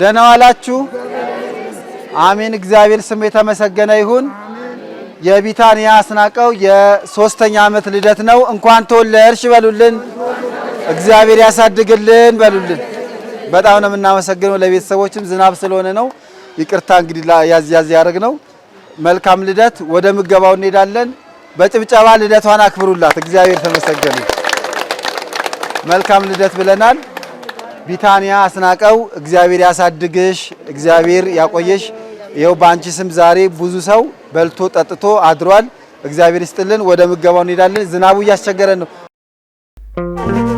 ደህና ዋላችሁ። አሜን። እግዚአብሔር ስም የተመሰገነ ይሁን። የቢታንያ አስናቀው የሶስተኛ ዓመት ልደት ነው። እንኳን ተወለድሽ በሉልን። እግዚአብሔር ያሳድግልን በሉልን። በጣም ነው የምናመሰግነው። ለቤተሰቦችም ዝናብ ስለሆነ ነው ይቅርታ እንግዲህ ያዝ ያዝ ነው። መልካም ልደት። ወደ ምገባው እንሄዳለን። በጭብጨባ ልደቷን አክብሩላት። እግዚአብሔር ተመሰገነ። መልካም ልደት ብለናል። ቢታንያ አስናቀው እግዚአብሔር ያሳድግሽ፣ እግዚአብሔር ያቆየሽ። ይኸው በአንቺ ስም ዛሬ ብዙ ሰው በልቶ ጠጥቶ አድሯል። እግዚአብሔር ይስጥልን። ወደ ምገባው እንሄዳለን። ዝናቡ እያስቸገረን ነው።